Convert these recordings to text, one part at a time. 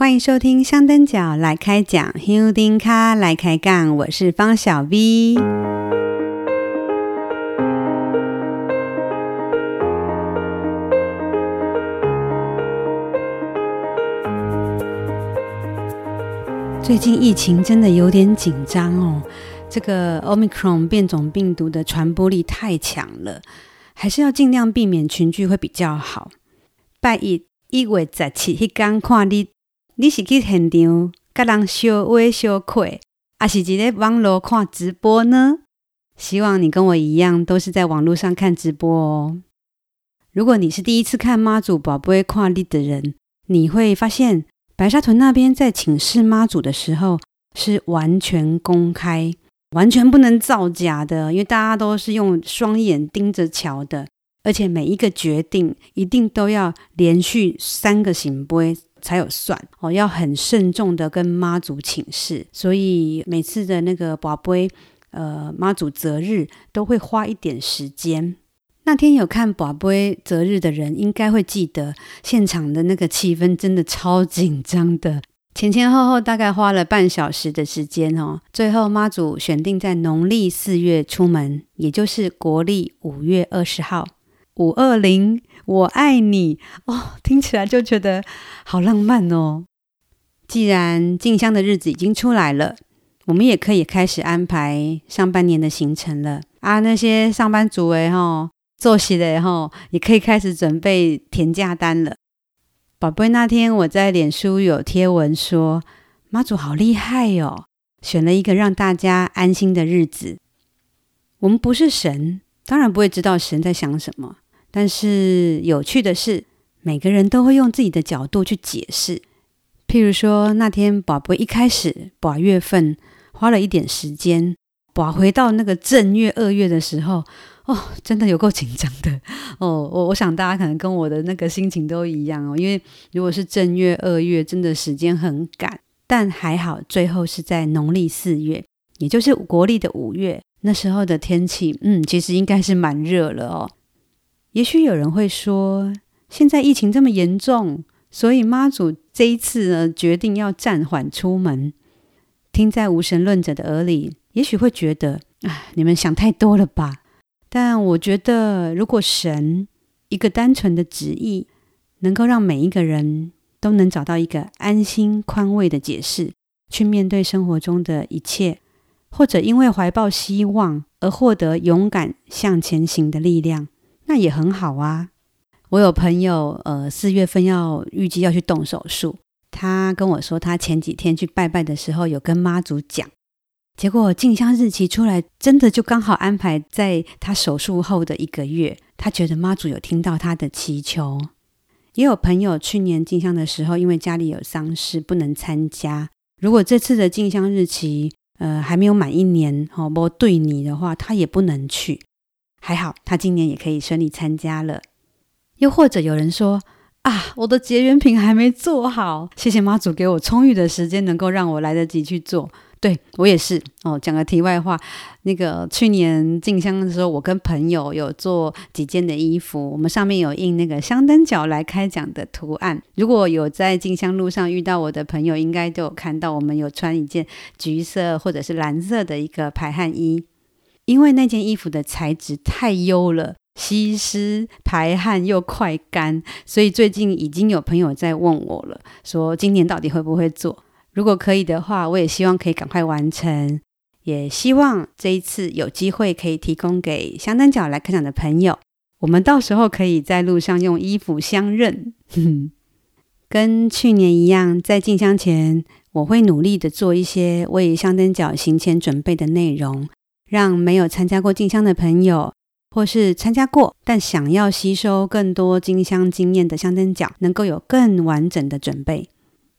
歡迎收聽香燈腳來開講 h o l d i n c a 來開講，我是方小 V。最近疫情真的有點緊張哦，這個 Omicron 變種病毒的傳播力太強了，還是要盡量避免群聚會比較好。拜一，一月十七剛看哩。你是去現場跟人修會修會，還是在網絡看直播呢？希望你跟我一樣，都是在網絡上看直播哦。如果你是第一次看媽祖寶杯跨力的人，你會發現白沙屯那邊在請示媽祖的時候是完全公開、完全不能造假的，因為大家都是用雙眼盯着瞧的，而且每一個決定一定都要連續三個聖杯。才有算哦，要很慎重的跟媽祖請示，所以每次的那個跋杯呃媽祖擇日都會花一點時間。那天有看跋杯擇日的人，應該會記得現場的那個氣氛真的超緊張的。前前後後大概花了半小時的時間哦，最後媽祖選定在農曆四月出門，也就是國曆五月二十號。五二零，20，我愛你哦，聽起來就覺得好浪漫哦。既然進香的日子已經出來了，我們也可以開始安排上半年的行程了啊。那些上班族誒，吼作息的然後也可以開始準備填假單了。寶貝，那天我在臉書有貼文說，媽祖好厲害喲、哦，選了一個讓大家安心的日子。我們不是神，當然不會知道神在想什麼。但是有趣的是，每個人都會用自己的角度去解釋。譬如說，那天寶寶一開始把月份花了一點時間，把回到那個正月二月的時候，哦，真的有夠緊張的哦！我我想大家可能跟我的那個心情都一樣哦，因為如果是正月二月，真的時間很趕。但還好，最後是在農曆四月，也就是國曆的五月，那時候的天氣，嗯，其實應該是蠻熱了哦。也許有人會說，現在疫情這麼嚴重，所以媽祖這一次呢，決定要暫緩出門。聽在無神論者的耳裡，也許會覺得，唉，你們想太多了吧。但我覺得，如果神，一個單純的旨意，能夠讓每一個人都能找到一個安心寬慰的解釋，去面對生活中的一切，或者因為懷抱希望而獲得勇敢向前行的力量。那也很好啊！我有朋友，呃，四月份要預計要去動手術，他跟我說，他前幾天去拜拜的時候，有跟媽祖講，結果進香日期出來，真的就剛好安排在他手術後的一個月。他覺得媽祖有聽到他的祈求。也有朋友去年進香的時候，因為家裡有喪事不能參加。如果這次的進香日期，呃，還沒有滿一年，好不對你的話，他也不能去。還好，他今年也可以順利參加了。又或者有人說：“啊，我的結緣品還沒做好，謝謝媽祖給我充裕的時間，能夠讓我來得及去做。對”對我也是哦。講個題外話，那個去年進香的時候，我跟朋友有做幾件的衣服，我們上面有印那個香燈腳來開講的圖案。如果有在進香路上遇到我的朋友，應該就有看到我們有穿一件橘色或者是藍色的一個排汗衣。因為那件衣服的材質太優了，吸濕排汗又快乾，所以最近已經有朋友在問我了，說今年到底會不會做？如果可以的話，我也希望可以趕快完成，也希望這一次有機會可以提供給香燈腳來開講的朋友，我們到時候可以在路上用衣服相認，呵呵，跟去年一樣，在進香前我會努力的做一些為香燈腳行前準備的內容。讓沒有參加過進香的朋友，或是參加過但想要吸收更多進香經驗的香燈腳，能夠有更完整的準備。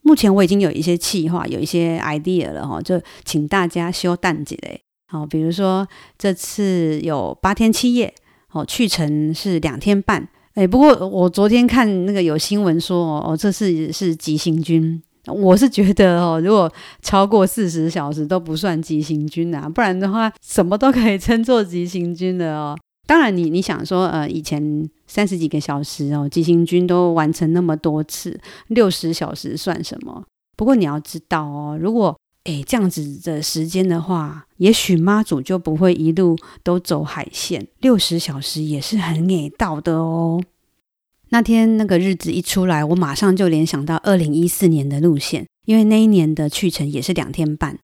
目前我已經有一些計劃，有一些 idea 了哈、哦，就請大家修淡季嘞。好，比如說這次有八天七夜，哦、去程是兩天半。誒，不過我昨天看那個有新聞說，哦，哦這次是急行軍。我是覺得哦，如果超過四十小時都不算急行軍啊。不然的話什麼都可以稱作急行軍的哦。當然你，你你想說呃，以前三十幾個小時哦，急行軍都完成那麼多次，六十小時算什麼？不過你要知道哦，如果哎這樣子的時間的話，也許媽祖就不會一路都走海線，六十小時也是很哎道的哦。那天那個日子一出來，我馬上就聯想到二零一四年的路線，因為那一年的去程也是兩天半。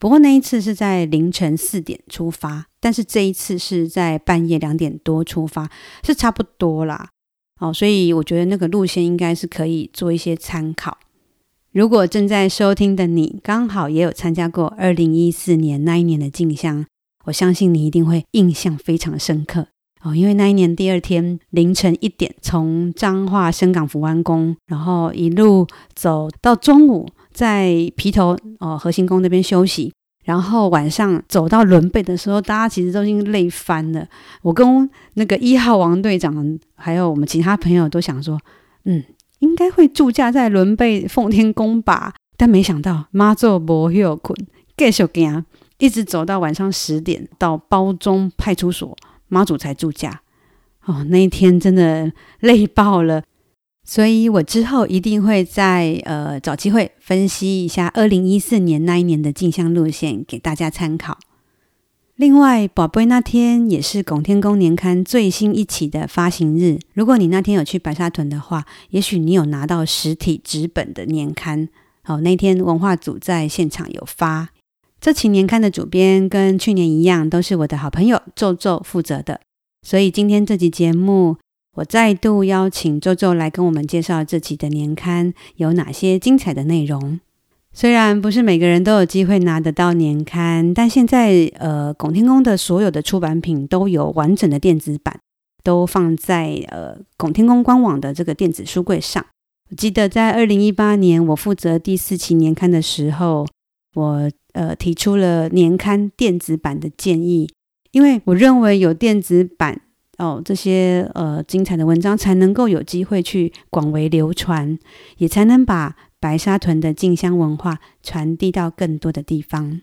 不過那一次是在凌晨四點出發，但是這一次是在半夜兩點多出發，是差不多啦。好、哦，所以我覺得那個路線應該是可以做一些參考。如果正在收聽的你剛好也有參加過二零一四年那一年的進香，我相信你一定會印象非常深刻。哦，因為那一年第二天凌晨一點，從彰化伸港福安宮，然後一路走到中午，在埤頭哦合興宮那邊休息，然後晚上走到崙背的時候，大家其實都已經累翻了。我跟那個一號王隊長，還有我們其他朋友都想說，嗯，應該會駐駕在崙背奉天宮吧，但沒想到媽祖伯又困，繼續走，一直走到晚上十點，到褒忠派出所。媽祖才駐駕哦，那一天真的累爆了，所以我之後一定會再呃找機會分析一下二零一四年那一年的進香路線給大家參考。另外，寶貝那天也是拱天宮年刊最新一期的發行日，如果你那天有去白沙屯的話，也許你有拿到實體紙本的年刊哦。那天文化組在現場有發。這期年刊的主編跟去年一樣，都是我的好朋友宙宙負責的。所以今天這集節目，我再度邀請宙宙來跟我們介紹這期的年刊有哪些精彩的內容。雖然不是每個人都有機會拿得到年刊，但現在呃，拱天宮的所有的出版品都有完整的電子版，都放在呃拱天宮官網的這個電子書櫃上。我記得在二零一八年我負責第四期年刊的時候。我呃，提出了年刊電子版的建議，因為我認為有電子版哦，這些呃精彩的文章才能夠有機會去廣為流傳，也才能把白沙屯的進香文化傳遞到更多的地方。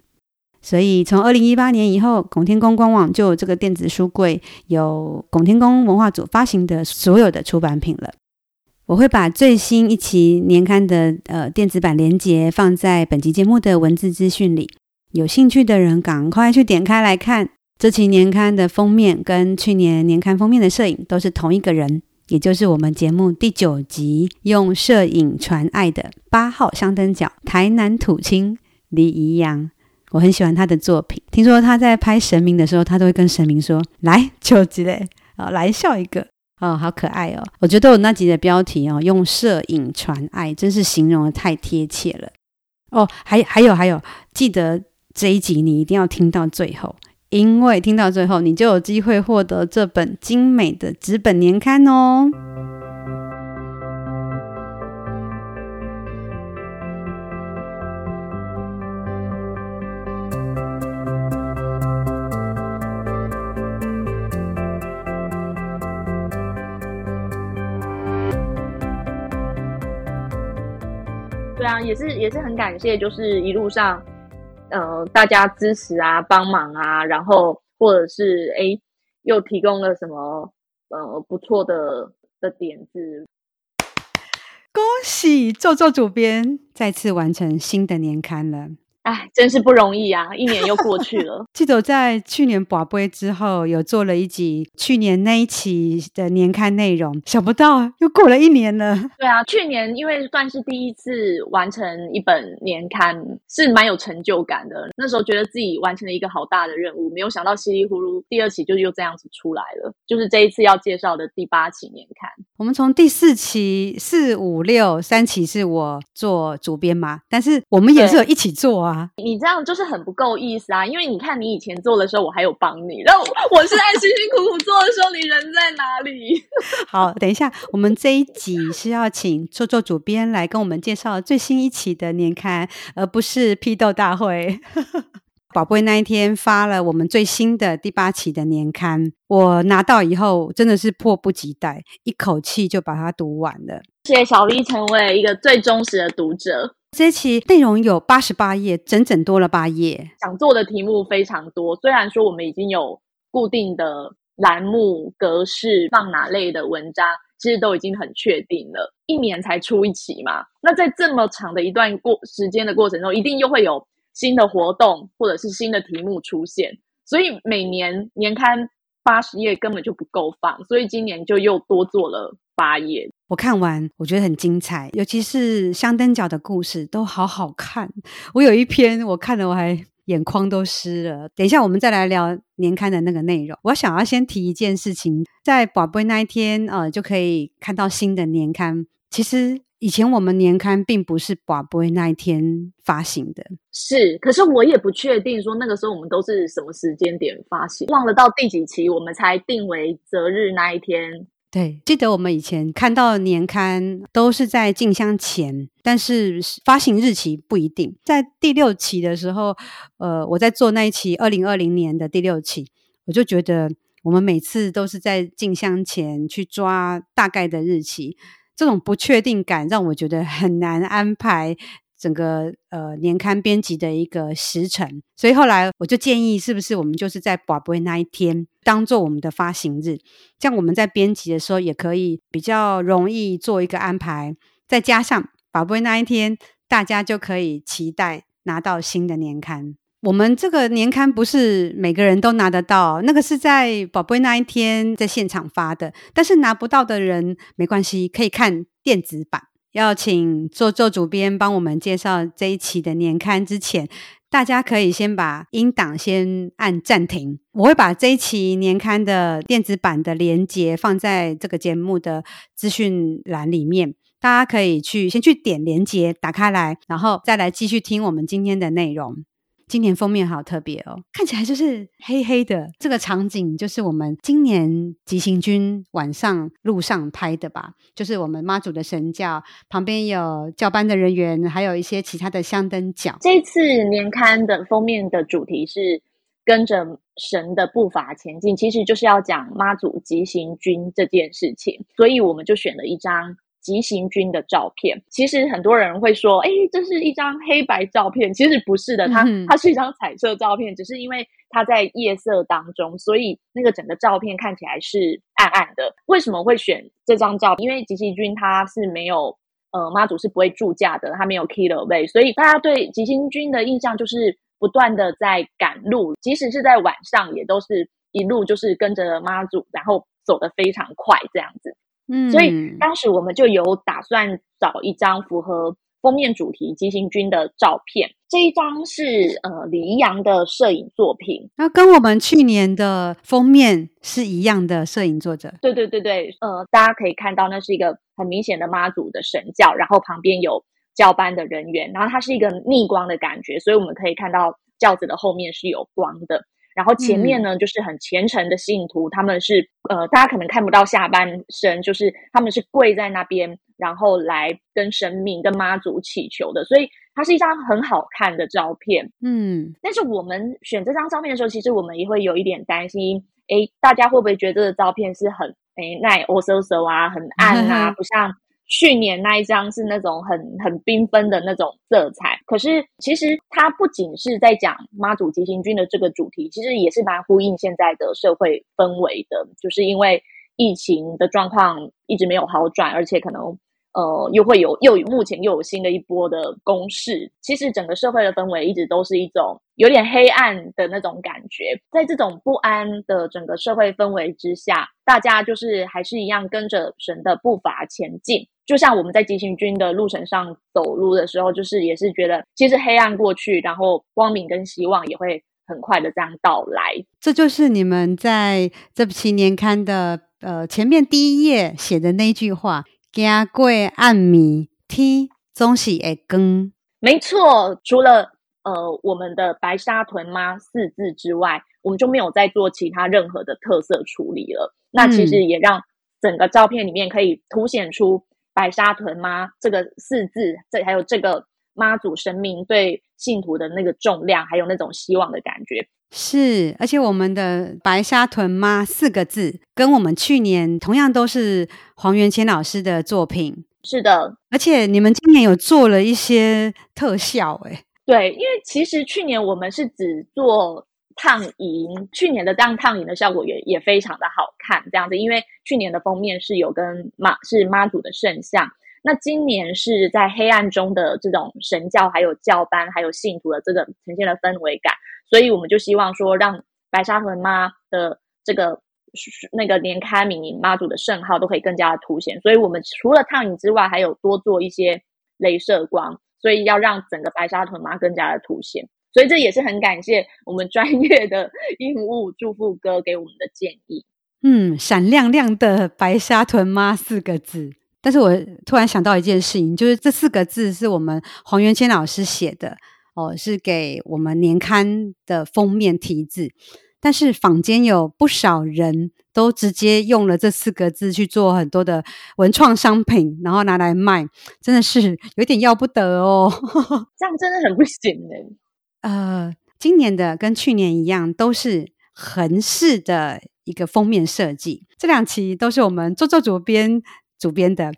所以從二零一八年以後，拱天宮官網就有這個電子書櫃由拱天宮文化組發行的所有的出版品了。我會把最新一期年刊的呃電子版連結放在本集節目的文字資訊裡，有興趣的人趕快去點開來看。這期年刊的封面跟去年年刊封面的攝影都是同一個人，也就是我們節目第九集用攝影傳愛的八號香燈腳台南土親李宜陽。我很喜歡他的作品，聽說他在拍神明的時候，他都會跟神明說：“來，九集嘞啊，好，來笑一個。”哦，好可愛哦！我覺得我那集的標題哦，用攝影傳愛，真是形容得太貼切了哦。還還有還有，記得這一集你一定要聽到最後，因為聽到最後，你就有機會獲得這本精美的紙本年刊哦。也是很感謝，就是一路上，呃，大家支持啊、幫忙啊，然後或者是哎，又提供了什麼呃不錯的的點子。恭喜宙宙主編再次完成新的年刊了。哎，真是不容易啊！一年又過去了。 記得在去年拔杯之後，有做了一集去年那一期的年刊內容，想不到啊，又過了一年了。對啊，去年因為算是第一次完成一本年刊，是蠻有成就感的。那時候覺得自己完成了一個好大的任務，沒有想到稀里糊塗，第二期就又這樣子出來了，就是這一次要介紹的第八期年刊。我們從第四期、四五六三期是我做主編嘛，但是我們也是有一起做啊。你這樣就是很不夠意思啊！因為你看，你以前做的時候我還有幫你，然後我是在辛辛苦苦做的時候 你人在哪裡？ 好，等一下，我們這一集是要請宙宙主編來跟我們介紹最新一期的年刊，而不是批鬥大會。寶 貝那一天發了我們最新的第八期的年刊，我拿到以後真的是迫不及待，一口氣就把它讀完了。謝謝小麗成為一個最忠實的讀者。這期內容有八十八頁，整整多了八頁。想做的題目非常多，雖然說我們已經有固定的欄目格式，放哪類的文章，其實都已經很確定了。一年才出一期嘛，那在這麼長的一段過時間的過程中，一定又會有新的活動或者是新的題目出現。所以每年年刊八十頁根本就不夠放，所以今年就又多做了。發言，我看完我覺得很精彩，尤其是香燈腳的故事都好好看。我有一篇我看了我還眼眶都濕了。等一下我們再來聊年刊的那個內容。我想要先提一件事情，在博杯那一天呃就可以看到新的年刊。其實以前我們年刊並不是博杯那一天發行的，是，可是我也不確定說那個時候我們都是什麼時間點發行，忘了到第幾期我們才定為擇日那一天。對，記得我們以前看到年刊都是在進香前，但是發行日期不一定。在第六期的時候，呃，我在做那一期二零二零年的第六期，我就覺得我們每次都是在進香前去抓大概的日期，這種不確定感讓我覺得很難安排。整個呃年刊編輯的一個時辰，所以後來我就建議，是不是我們就是在寶貝那一天當做我們的發行日？這樣我們在編輯的時候，也可以比較容易做一個安排。再加上寶貝那一天，大家就可以期待拿到新的年刊。我們這個年刊不是每個人都拿得到，那個是在寶貝那一天在現場發的。但是拿不到的人沒關係，可以看電子版。要請宙宙主編幫我們介紹這一期的年刊之前，大家可以先把音檔先按暫停。我會把這一期年刊的電子版的連結放在這個節目的資訊欄裡面，大家可以去先去點連結打開來，然後再來繼續聽我們今天的內容。今年封面好特別哦，看起來就是黑黑的。這個場景就是我們今年急行軍晚上路上拍的吧？就是我們媽祖的神轎旁邊有轎班的人員，還有一些其他的香燈腳。這次年刊的封面的主題是跟着神的步伐前進，其實就是要講媽祖急行軍這件事情，所以我們就選了一張。急行軍的照片，其實很多人會說：“哎，這是一張黑白照片。”其實不是的，它它是一張彩色照片，只是因為它在夜色當中，所以那個整個照片看起來是暗暗的。為什麼會選這張照片？因為急行軍他是沒有呃媽祖是不會駐駕的，他沒有 killer way。所以大家對急行軍的印象就是不斷的在趕路，即使是在晚上也都是一路就是跟着媽祖，然後走得非常快這樣子。嗯，所以當時我們就有打算找一張符合封面主題“疾行軍”的照片。這一張是呃李陽的攝影作品，那、啊、跟我們去年的封面是一樣的攝影作者。對對對對，呃，大家可以看到，那是一個很明顯的媽祖的神轎，然後旁邊有轎班的人員，然後它是一個逆光的感覺，所以我們可以看到轎子的後面是有光的。然後前面呢，嗯、就是很虔誠的信徒，他們是呃，大家可能看不到下半身，就是他們是跪在那邊，然後來跟神明、跟媽祖祈求的，所以它是一張很好看的照片。嗯，但是我們選這張照片的時候，其實我們也會有一點擔心，哎，大家會不會覺得這個照片是很哎，奈哦，嗖嗖啊，很暗啊，呵呵不像。去年那一張是那種很很繽紛的那種色彩，可是其實它不僅是在講媽祖急行軍的這個主題，其實也是蠻呼應現在的社會氛圍的，就是因為疫情的狀況一直沒有好轉，而且可能。呃，又會有，又有目前又有新的一波的攻勢。其實整個社會的氛圍一直都是一種有點黑暗的那種感覺。在這種不安的整個社會氛圍之下，大家就是還是一樣跟着神的步伐前進。就像我們在急行軍的路程上走路的時候，就是也是覺得，其實黑暗過去，然後光明跟希望也會很快的這樣到來。這就是你們在這期年刊的呃前面第一頁寫的那句話。經過暗暝天，總是會更。沒錯，除了呃我們的白沙屯媽四字之外，我們就沒有再做其他任何的特色處理了。那其實也讓整個照片裡面可以凸顯出白沙屯媽這個四字，這還有這個。媽祖生命對信徒的那個重量，還有那種希望的感覺，是。而且我們的“白沙屯媽”四個字，跟我們去年同樣都是黃元千老師的作品。是的，而且你們今年有做了一些特效、欸，哎，對，因為其實去年我們是只做燙銀，去年的這樣燙銀的效果也也非常的好看，這樣子。因為去年的封面是有跟是媽是媽祖的聖像。那今年是在黑暗中的這種神轎，還有轎班，還有信徒的這個呈現的氛圍感，所以我們就希望說，讓白沙屯媽的這個那個連開明明媽祖的聖號都可以更加的凸顯，所以我們除了燙影之外，還有多做一些鐳射光，所以要讓整個白沙屯媽更加的凸顯。所以這也是很感謝我們專業的印務祝福哥給我們的建議。嗯，閃亮亮的白沙屯媽四個字。但是我突然想到一件事情，就是這四個字是我們黃元謙老師寫的，哦，是給我們年刊的封面題字。但是坊間有不少人都直接用了這四個字去做很多的文創商品，然後拿來賣，真的是有點要不得哦。 這樣真的很不行哎。呃，今年的跟去年一樣，都是橫式的一個封面設計。這兩期都是我們宙宙主編。主編的，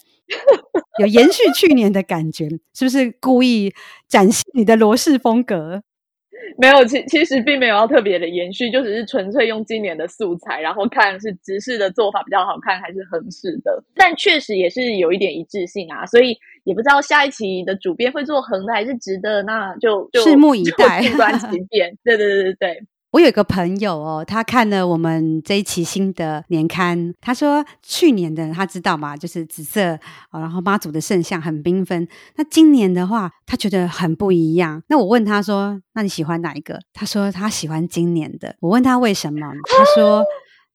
有延續去年的感覺， 是不是故意展現你的羅氏風格？沒有，其其實並沒有要特別的延續，就只是純粹用今年的素材，然後看是直式的做法比較好看，還是橫式的。但確實也是有一點一致性啊，所以也不知道下一期的主編會做橫的還是直的，那就，就拭目以待，靜觀其變。對 對對對對。我有一個朋友哦，他看了我們這一期新的年刊，他說去年的他知道嘛，就是紫色，哦，然後媽祖的聖像很繽紛。那今年的話，他覺得很不一樣。那我問他說：“那你喜歡哪一個？”他說他喜歡今年的。我問他為什麼，他說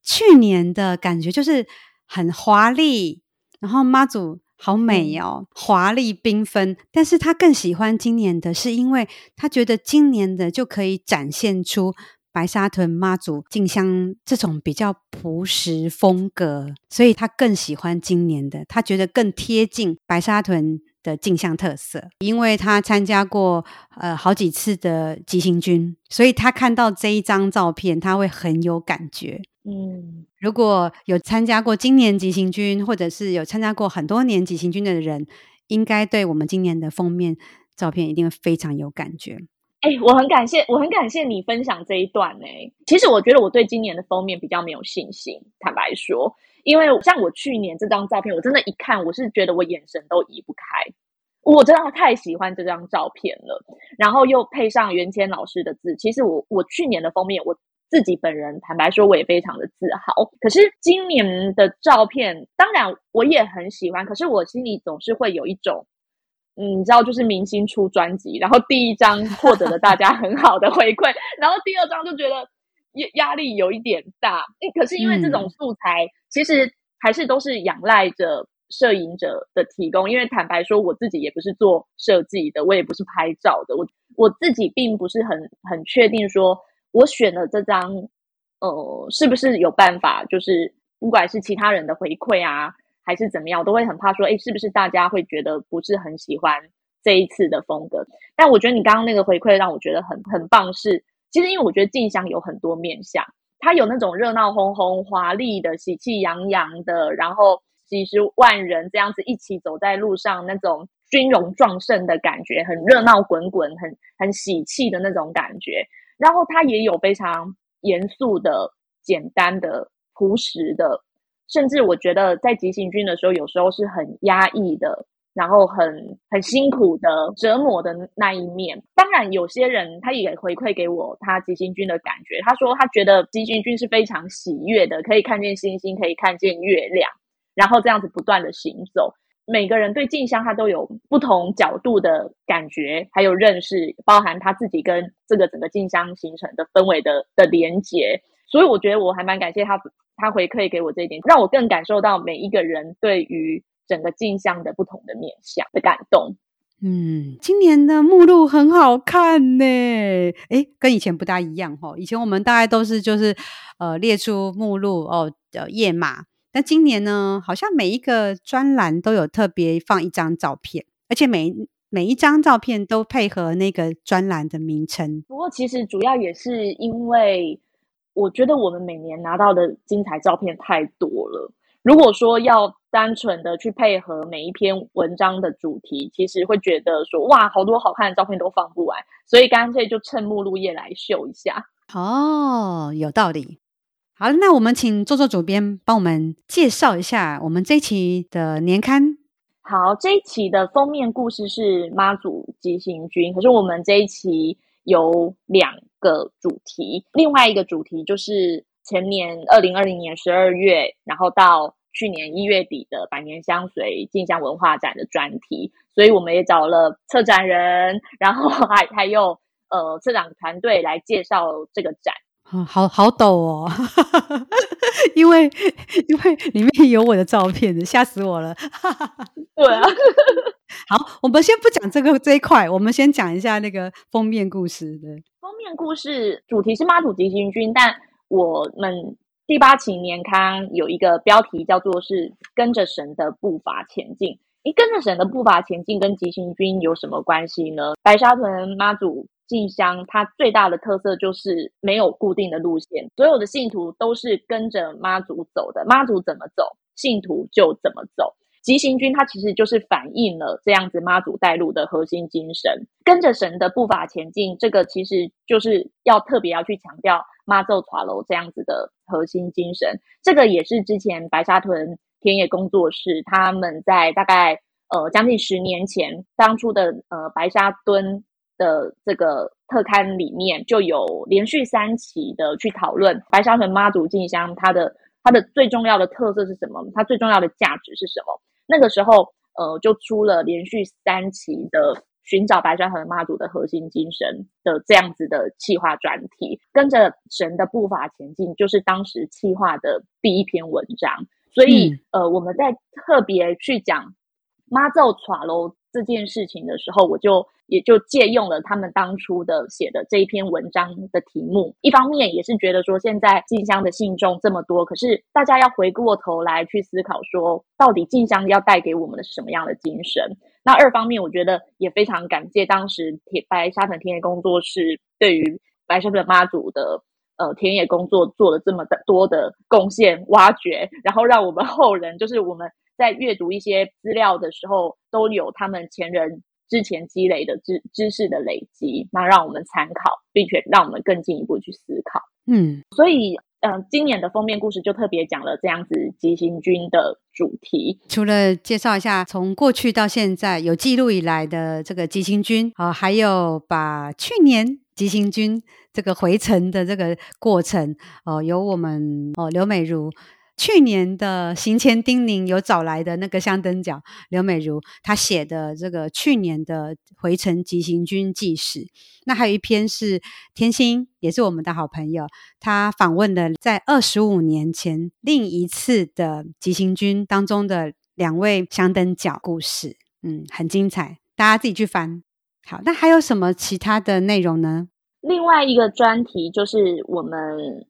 去年的感覺就是很華麗，然後媽祖好美哦，華麗繽紛。但是他更喜歡今年的，是因為他覺得今年的就可以展現出。白沙屯媽祖進香這種比較樸實風格，所以他更喜歡今年的，他覺得更貼近白沙屯的進香特色。因為他參加過呃好幾次的急行軍，所以他看到這一張照片，他會很有感覺。嗯，如果有參加過今年急行軍，或者是有參加過很多年急行軍的人，應該對我們今年的封面照片一定非常有感覺。哎，我很感謝，我很感謝你分享這一段呢。其實我覺得我對今年的封面比較沒有信心，坦白說，因為像我去年這張照片，我真的一看，我是覺得我眼神都移不開，我真的太喜歡這張照片了。然後又配上袁謙老師的字，其實我我去年的封面我自己本人坦白說我也非常的自豪。可是今年的照片，當然我也很喜歡，可是我心裡總是會有一種。嗯，你知道，就是明星出專輯，然後第一張獲得了大家很好的回饋， 然後第二張就覺得壓壓力有一點大，誒，可是因為這種素材，嗯、其實還是都是仰賴着攝影者的提供。因為坦白說，我自己也不是做設計的，我也不是拍照的，我我自己並不是很很確定，說我選了這張，呃，是不是有辦法，就是不管是其他人的回饋啊。還是怎麼樣，我都會很怕說，誒，是不是大家會覺得不是很喜歡這一次的風格？但我覺得你剛剛那個回饋讓我覺得很很棒。是，其實因為我覺得進香有很多面向，它有那種熱鬧哄哄、華麗的、喜氣洋洋的，然後幾十萬人這樣子一起走在路上，那種軍容壯盛的感覺，很熱鬧滾滾，很很喜氣的那種感覺。然後他也有非常嚴肅的、簡單的、樸實的。甚至我覺得在急行軍的時候，有時候是很壓抑的，然後很很辛苦的折磨的那一面。當然，有些人他也回饋給我他急行軍的感覺。他說他覺得急行軍是非常喜悅的，可以看見星星，可以看見月亮，然後這樣子不斷的行走。每個人對進香他都有不同角度的感覺，還有認識，包含他自己跟這個整個進香形成的氛圍的的連結。所以我覺得我還蠻感謝他，他回饋給我這一點，讓我更感受到每一個人對於整個進香的不同的面向的感動。嗯，今年的目錄很好看呢。欸，哎、欸，跟以前不大一樣哈、哦。以前我們大概都是就是呃列出目錄哦的頁碼，但今年呢，好像每一個專欄都有特別放一張照片，而且每每一張照片都配合那個專欄的名稱。不過其實主要也是因為。我覺得我們每年拿到的精彩照片太多了。如果說要單純的去配合每一篇文章的主題，其實會覺得說哇，好多好看的照片都放不完，所以乾脆就趁目錄頁來秀一下。哦，有道理。好，那我們請宙宙主編幫我們介紹一下我們這一期的年刊。好，這一期的封面故事是媽祖疾行軍，可是我們這一期有兩。個主題，另外一個主題就是前年二零二零年十二月，然後到去年一月底的百年香隨進香文化展的專題，所以我們也找了策展人，然後還還有呃策展團隊來介紹這個展。嗯、好好抖哦， 因為因為裡面有我的照片嚇死我了， 對啊， 好，我們先不講這個這一塊，我們先講一下那個封面故事的。故事主題是媽祖急行軍，但我們第八期年刊有一個標題叫做“是跟着神的步伐前進”。你跟着神的步伐前進，跟急行軍有什麼關係呢？白沙屯媽祖進香，它最大的特色就是沒有固定的路線，所有的信徒都是跟着媽祖走的，媽祖怎麼走，信徒就怎麼走。急行軍，它其實就是反映了這樣子媽祖帶路的核心精神，跟着神的步伐前進。這個其實就是要特別要去強調媽祖塔樓這樣子的核心精神。這個也是之前白沙屯田野工作室他們在大概呃將近十年前當初的呃白沙屯的這個特刊裡面就有連續三期的去討論白沙屯媽祖進香，它的它的最重要的特色是什麼，它最重要的價值是什麼。那個時候，呃，就出了連續三期的尋找白沙屯和媽祖的核心精神的這樣子的企劃專題，跟着神的步伐前進，就是當時企劃的第一篇文章。所以，嗯、呃，我們在特別去講媽祖傳嘍。這件事情的時候，我就也就借用了他們當初的寫的這一篇文章的題目。一方面也是覺得說，現在進香的信眾這麼多，可是大家要回過頭來去思考，說到底進香要帶給我們的是什麼樣的精神？那二方面，我覺得也非常感謝當時鐵白沙屯田野工作室對於白沙屯媽祖的呃田野工作做了這麼的多的貢獻、挖掘，然後讓我們後人就是我們。在閱讀一些資料的時候，都有他們前人之前積累的知知識的累積，那讓我們參考，並且讓我們更進一步去思考。嗯，所以，嗯、呃，今年的封面故事就特別講了這樣子急行軍的主題。除了介紹一下從過去到現在有記錄以來的這個急行軍啊，還有把去年急行軍這個回程的這個過程哦，由、呃、我們哦劉、呃、美如。去年的行前叮嚀有找來的那個香燈腳劉美如，她寫的這個去年的回程急行軍紀實。那還有一篇是天心，也是我們的好朋友，他訪問的在二十五年前另一次的急行軍當中的兩位香燈腳故事，嗯，很精彩，大家自己去翻。好，那還有什麼其他的內容呢？另外一個專題就是我們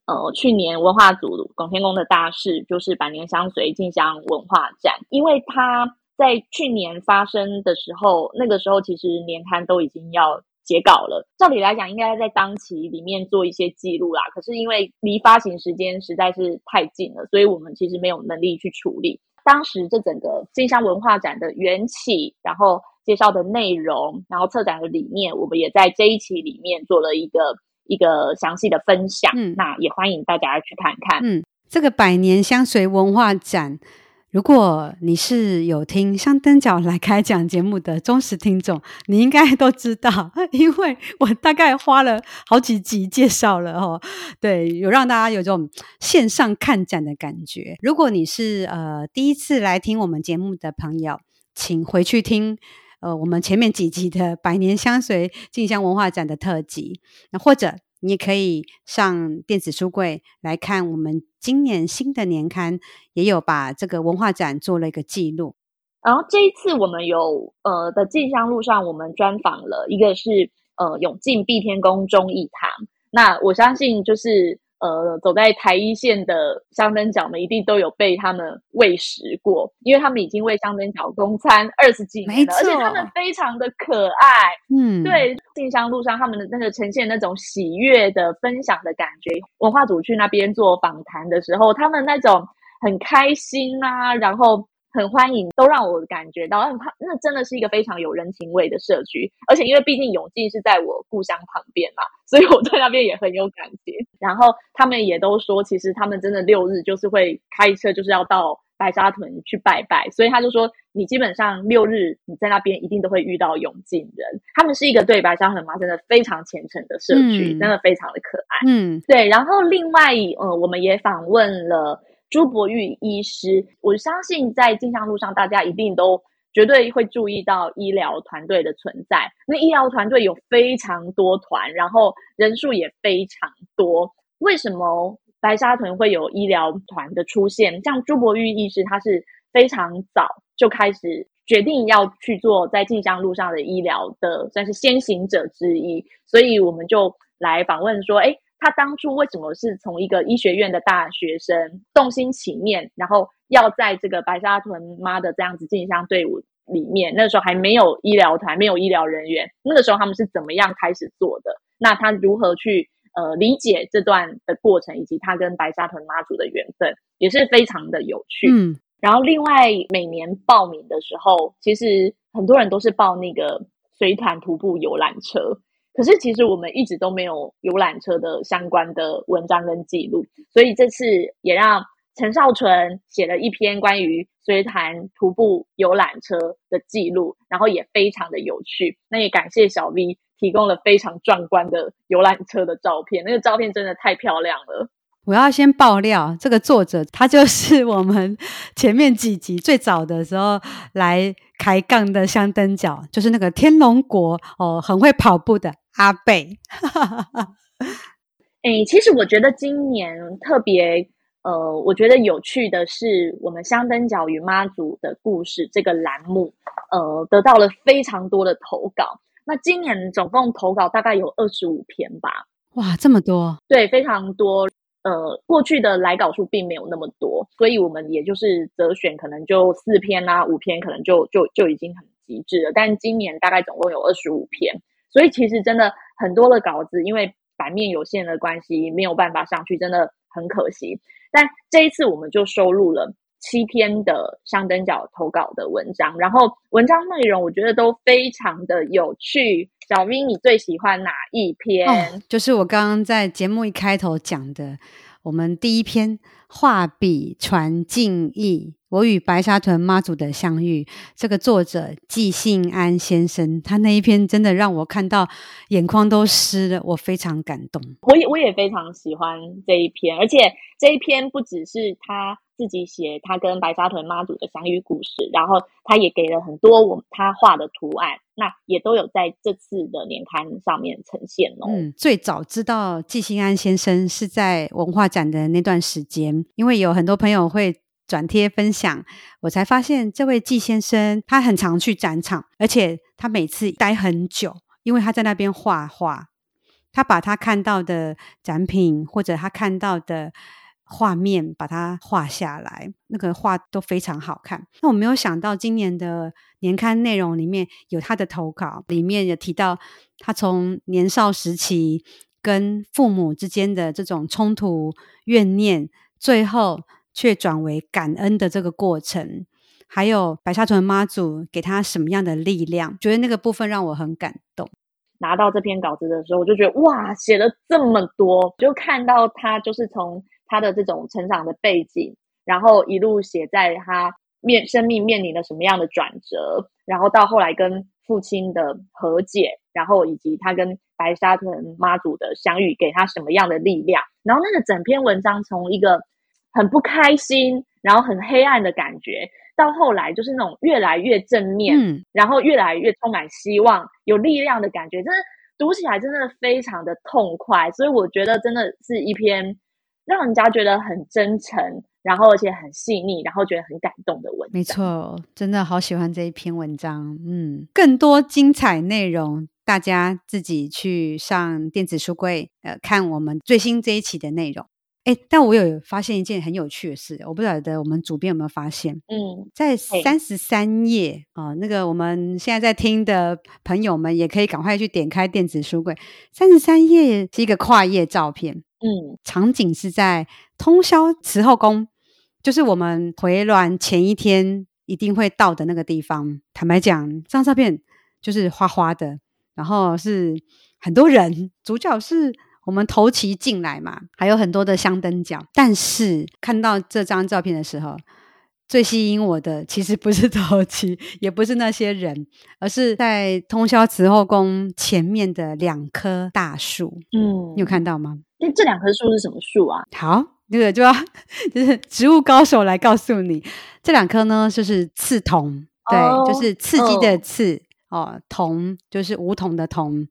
呃去年文化組拱天宮的大事，就是百年香隨進香文化展。因為它在去年發生的時候，那個時候其實年刊都已經要截稿了，照理來講應該在當期裡面做一些記錄啦。可是因為離發行時間實在是太近了，所以我們其實沒有能力去處理當時這整個進香文化展的緣起，然後，介紹的內容，然後策展的理念，我們也在這一期裡面做了一個一個詳細的分享。嗯，那也歡迎大家去看看。嗯，這個百年香隨文化展，如果你是有聽香燈角來開講節目的忠實聽眾，你應該都知道，因為我大概花了好幾集介紹了哦，對，有讓大家有種線上看展的感覺。如果你是呃第一次來聽我們節目的朋友，請回去聽。呃，我們前面幾集的《百年香隨》進香文化展的特輯，那或者你也可以上電子書櫃來看。我們今年新的年刊也有把這個文化展做了一個記錄。然後這一次我們有呃，的進香路上，我們專訪了一個是呃永靖碧天宮忠義堂。那我相信就是。呃，走在台一線的香燈腳們一定都有被他們餵食過，因為他們已經為香燈腳供餐二十幾年了，沒錯。而且他們非常的可愛。嗯，對，進香路上他們的那個呈現那種喜悅的分享的感覺，文化組去那邊做訪談的時候，他們那種很開心啊，然後。很歡迎，都讓我感覺到，很那真的是一個非常有人情味的社區，而且因為畢竟永靖是在我故鄉旁邊嘛，所以我對那邊也很有感情。然後他們也都說，其實他們真的六日就是會開車，就是要到白沙屯去拜拜。所以他就說，你基本上六日你在那邊一定都會遇到永靖人，他們是一個對白沙屯媽真的非常虔誠的社區，嗯、真的非常的可愛。嗯，對。然後另外，呃我們也訪問了。朱博玉醫師，我相信在進香路上，大家一定都絕對會注意到醫療團隊的存在。那醫療團隊有非常多團，然後人數也非常多。為什麼白沙屯會有醫療團的出現？像朱博玉醫師，他是非常早就開始決定要去做在進香路上的醫療的，算是先行者之一。所以我們就來訪問說，哎。他當初為什麼是從一個醫學院的大學生動心起念，然後要在這個白沙屯媽的這樣子進香隊伍裡面？那時候還沒有醫療團，沒有醫療人員，那個時候他們是怎麼樣開始做的？那他如何去呃理解這段的過程，以及他跟白沙屯媽祖的緣分，也是非常的有趣。嗯。然後另外每年報名的時候，其實很多人都是報那個隨團徒步遊覽車。可是其實我們一直都沒有遊覽車的相關的文章跟記錄，所以這次也讓陳少純寫了一篇關於隨團徒步遊覽車的記錄，然後也非常的有趣。那也感謝小 V 提供了非常壯觀的遊覽車的照片，那個照片真的太漂亮了。我要先爆料，這個作者他就是我們前面幾集最早的時候來開講的香燈腳，就是那個天龍國哦、呃，很會跑步的。阿貝，哎、 欸，其實我覺得今年特別呃，我覺得有趣的是，我們香燈腳與媽祖的故事這個欄目，呃，得到了非常多的投稿。那今年總共投稿大概有二十五篇吧？哇，這麼多！對，非常多。呃，過去的來稿數並沒有那麼多，所以我們也就是擇選可能就四篇啦、啊、五篇，可能就就就已經很極致了。但今年大概總共有二十五篇。所以其實真的很多的稿子，因為版面有限的關係，沒有辦法上去，真的很可惜。但這一次我們就收錄了七篇的香燈腳投稿的文章，然後文章內容我覺得都非常的有趣。小明，你最喜歡哪一篇？哦，就是我剛剛在節目一開頭講的，我們第一篇。畫筆傳敬意，我與白沙屯媽祖的相遇。這個作者紀信安先生，他那一篇真的讓我看到眼眶都濕了，我非常感動。我也我也非常喜歡這一篇，而且這一篇不只是他自己寫他跟白沙屯媽祖的相遇故事，然後他也給了很多我他畫的圖案，那也都有在這次的年刊上面呈現哦。嗯，最早知道紀信安先生是在文化展的那段時間。因為有很多朋友會轉貼分享，我才發現這位紀先生，他很常去展場，而且他每次待很久，因為他在那邊畫畫，他把他看到的展品或者他看到的畫面，把他畫下來，那個畫都非常好看。那我沒有想到，今年的年刊內容裡面有他的投稿，裡面有提到他從年少時期跟父母之間的這種衝突怨念。最後卻轉為感恩的這個過程，還有白沙屯媽祖給他什麼樣的力量？覺得那個部分讓我很感動。拿到這篇稿子的時候，我就覺得哇，寫了這麼多，就看到他就是從他的這種成長的背景，然後一路寫在他面生命面臨了什麼樣的轉折，然後到後來跟。父親的和解，然後以及他跟白沙屯媽祖的相遇，給他什麼樣的力量？然後那個整篇文章從一個很不開心，然後很黑暗的感覺，到後來就是那種越來越正面，嗯、然後越來越充滿希望、有力量的感覺。真的讀起來真的非常的痛快，所以我覺得真的是一篇讓人家覺得很真誠。然後而且很細膩，然後覺得很感動的文章。沒錯，真的好喜歡這一篇文章。嗯，更多精彩內容，大家自己去上電子書櫃，呃，看我們最新這一期的內容。誒，但我有發現一件很有趣的事，我不曉得我們主編有沒有發現？嗯，在三十三頁哦，呃，那個我們現在在聽的朋友們也可以趕快去點開電子書櫃，三十三頁是一個跨頁照片。嗯，場景是在通霄慈後宮，就是我們回鑾前一天一定會到的那個地方。坦白講，這張照片就是花花的，然後是很多人。主角是我們頭旗進來嘛，還有很多的香燈腳。但是看到這張照片的時候。最吸引我的其實不是頭旗，也不是那些人，而是在通霄慈後宮前面的兩棵大樹。嗯，你有看到嗎？那這兩棵樹是什麼樹啊？好，那個就要、啊、就是植物高手來告訴你，這兩棵呢就是刺桐，哦、對，就是刺激的刺哦，桐、哦、就是梧桐的桐。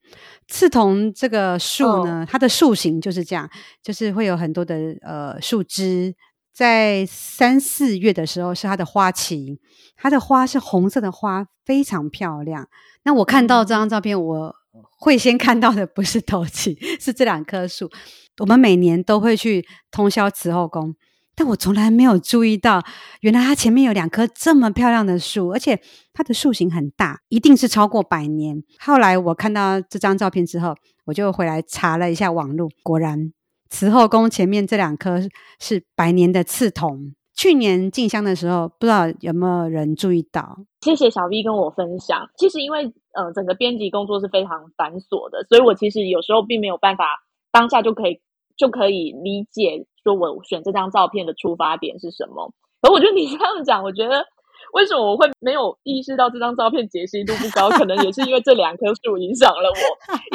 刺桐這個樹呢，哦、它的樹形就是這樣，就是會有很多的呃樹枝。在三四月的時候是它的花期，它的花是紅色的花，非常漂亮。那我看到這張照片，我會先看到的不是頭旗，是這兩棵樹。我們每年都會去通霄慈後宮，但我從來沒有注意到，原來它前面有兩棵這麼漂亮的樹，而且它的樹形很大，一定是超過百年。後來我看到這張照片之後，我就回來查了一下網絡，果然。慈後宮前面這兩棵是是百年的刺桐。去年進香的時候，不知道有沒有人注意到？謝謝小 V 跟我分享。其實，因為呃整個編輯工作是非常繁瑣的，所以我其實有時候並沒有辦法當下就可以就可以理解，說我選這張照片的出發點是什麼。而我覺得你這樣講，我覺得為什麼我會沒有意識到這張照片解析度不高？ 可能也是因為這兩棵樹影響了我，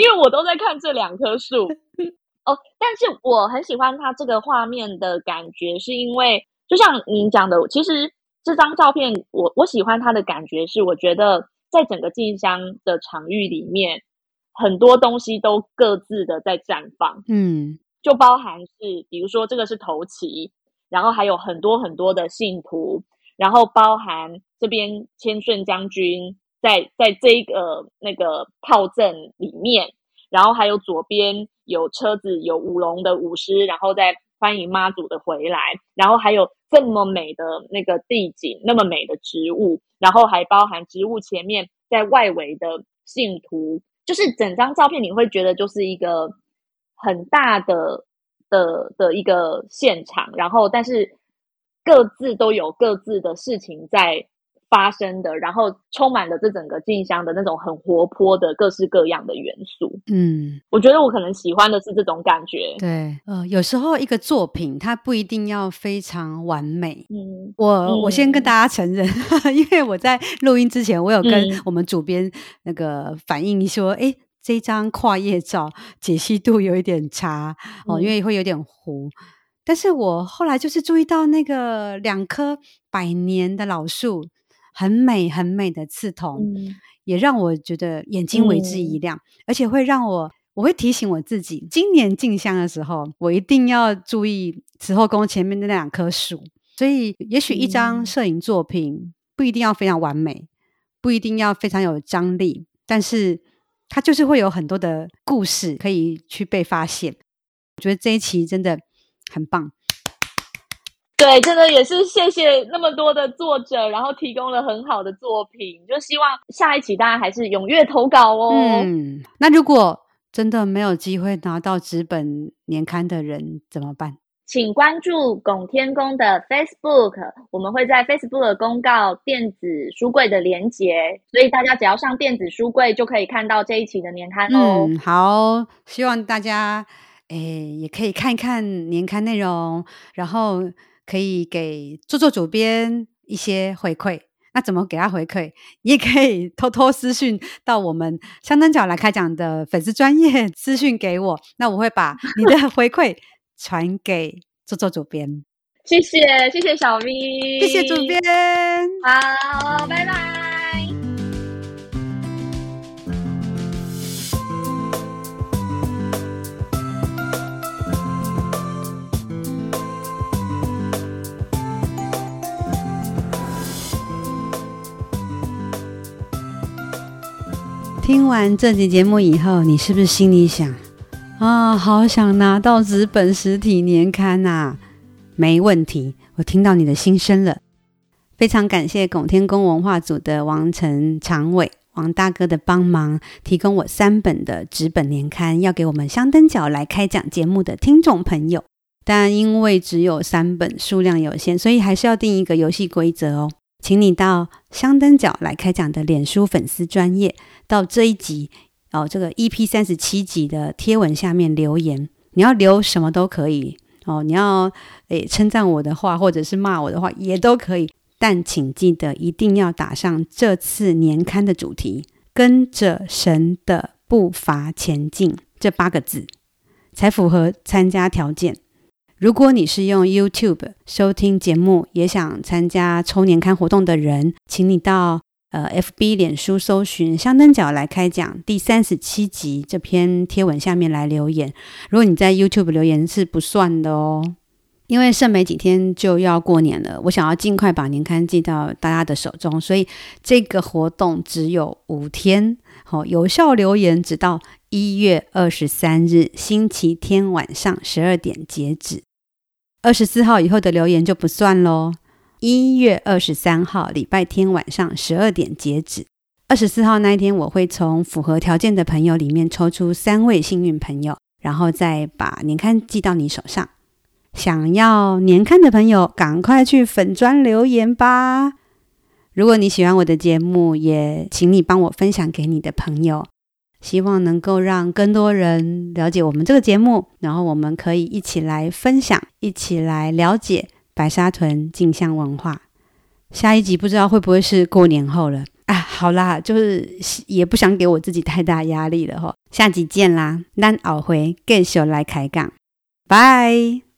因為我都在看這兩棵樹。哦，但是我很喜歡它這個畫面的感覺，是因為就像您講的，其實這張照片我，我我喜歡它的感覺是，我覺得在整個進香的場域裡面，很多東西都各自的在綻放。嗯，就包含是，比如說這個是頭旗，然後還有很多很多的信徒，然後包含這邊千順將軍在在這個那個炮陣裡面。然後還有左邊有車子，有舞龍的舞獅，然後在歡迎媽祖的回來。然後還有這麼美的那個地景，那麼美的植物，然後還包含植物前面在外圍的信徒，就是整張照片你會覺得就是一個很大的的的一個現場。然後但是各自都有各自的事情在發生的，然後充滿了這整個進香的那種很活潑的各式各樣的元素。嗯，我覺得我可能喜歡的是這種感覺。對，呃，有時候一個作品它不一定要非常完美。嗯，我我先跟大家承認，嗯、因為我在錄音之前，我有跟我們主編那個反映說，哎、嗯欸，這張跨頁照解析度有一點差哦，呃嗯、因為會有點糊。但是我後來就是注意到那個兩棵百年的老樹。很美很美的刺桐，嗯、也讓我覺得眼睛為之一亮，嗯、而且會讓我我會提醒我自己，今年進香的時候，我一定要注意慈後宮前面的那兩棵樹。所以，也許一張攝影作品不一定要非常完美，嗯、不一定要非常有張力，但是它就是會有很多的故事可以去被發現。我覺得這一期真的很棒。對，真的也是謝謝那麼多的作者，然後提供了很好的作品。就希望下一期大家還是踴躍投稿哦。嗯，那如果真的沒有機會拿到紙本年刊的人怎麼辦？請關注拱天宮的 Facebook，我們會在 Facebook 公告電子書櫃的連接所以連結，所以大家只要上電子書櫃就可以看到這一期的年刊哦。嗯、好，希望大家誒、欸、也可以看一看年刊內容，然後。可以給宙宙主編一些回饋，那怎麼給他回饋？你也可以偷偷私訊到我們香燈腳來開講的粉絲專頁私訊給我，那我會把你的回饋傳給宙宙主編。 謝謝，謝謝小咪，謝謝主編。好，拜拜。聽完這期節目以後，你是不是心裡想啊，好想拿到紙本實體年刊吶、啊？沒問題，我聽到你的心聲了，非常感謝拱天宮文化組的王成常偉王大哥的幫忙，提供我三本的紙本年刊，要給我們香燈腳來開講節目的聽眾朋友。但因為只有三本，數量有限，所以還是要定一個遊戲規則哦。請你到香燈腳來開講的臉書粉絲專頁，到這一集哦，這個 EP 三十七集的貼文下面留言，你要留什麼都可以哦，你要誒稱讚我的話，或者是罵我的話也都可以，但請記得一定要打上這次年刊的主題“跟着神的步伐前進”這八個字，才符合參加條件。如果你是用 YouTube 收聽節目，也想參加抽年刊活動的人，請你到呃 FB 臉書搜尋“香燈腳”來開講。第三十七集這篇貼文下面來留言。如果你在 YouTube 留言是不算的哦，因為剩沒幾天就要過年了，我想要盡快把年刊寄到大家的手中，所以這個活動只有五天。好、哦，有效留言直到一月二十三日星期天晚上十二點截止。二十四號以後的留言就不算嘍。一月二十三號禮拜天晚上十二點截止。二十四號那一天，我會從符合條件的朋友裡面抽出三位幸運朋友，然後再把年刊寄到你手上。想要年刊的朋友，趕快去粉專留言吧。如果你喜歡我的節目，也請你幫我分享給你的朋友。希望能夠讓更多人了解我們這個節目，然後我們可以一起來分享，一起來了解白沙屯進香文化。下一集不知道會不會是過年後了？啊，好啦，就是也不想給我自己太大壓力了吼、哦，下集見啦，咱後回繼續來開講，拜。